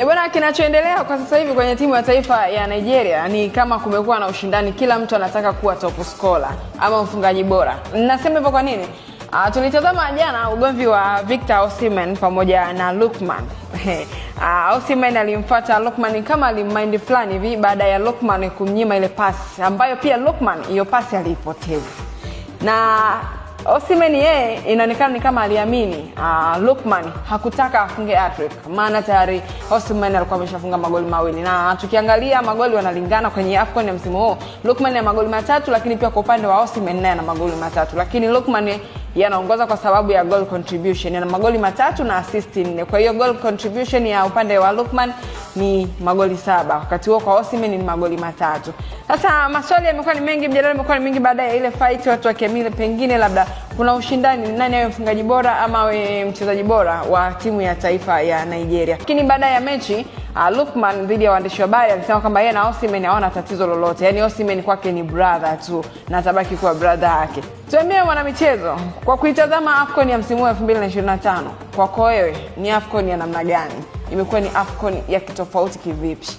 E bwana, kinachoendelea kwa sasa hivi kwenye timu ya taifa ya Nigeria ni kama kumekuwa na ushindani, kila mtu anataka kuwa top scorer ama mfungaji bora. Nasema hivyo kwa nini? Uh, tulitazama jana ugomvi wa Victor Osimhen pamoja na Lukman. Uh, Osimhen alimfuata Lukman kama alimmind fulani hivi baada ya Lukman kumnyima ile pasi ambayo pia Lukman hiyo pasi aliipoteza. Na Osimhen yeye inaonekana ni kama aliamini uh, Lukman hakutaka afunge hattrick, maana tayari Osimhen alikuwa ameshafunga magoli mawili, na tukiangalia magoli wanalingana kwenye AFCON ya msimu huu. Lukman ana magoli matatu, lakini pia kwa upande wa osimen naye ana magoli matatu, lakini Lukman yanaongoza kwa sababu ya goal contribution, ana magoli matatu na assist nne. Kwa hiyo goal contribution ya upande wa Lukman ni magoli saba, wakati huo kwa osime ni magoli matatu. Sasa maswali yamekuwa ni mengi, mjadala imekuwa ni mengi baada ya ile fight, watu wakiamini pengine labda kuna ushindani, nani awe mfungaji bora ama awe mchezaji bora wa timu ya taifa ya Nigeria. Lakini baada ya mechi uh, ah, Lukman dhidi ya waandishi wa habari alisema kwamba yeye na Osimhen hawana tatizo lolote, yaani Osimhen kwake ni brother tu na atabaki kuwa brother yake. Tuambie mwanamichezo, kwa kuitazama AFCON ya msimu wa 2025 kwako wewe, ni AFCON ya namna gani? Imekuwa ni AFCON ya kitofauti kivipi?